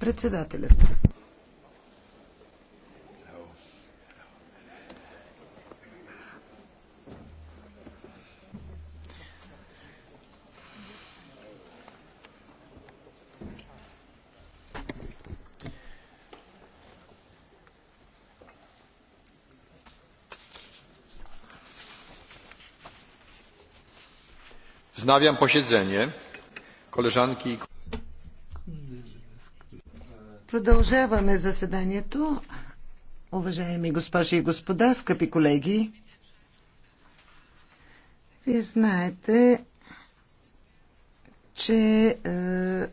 Председателят. Wznawiam posiedzenie. Koleżanki i Продължаваме заседанието. Уважаеми госпожи и господа, скъпи колеги, вие знаете, че е,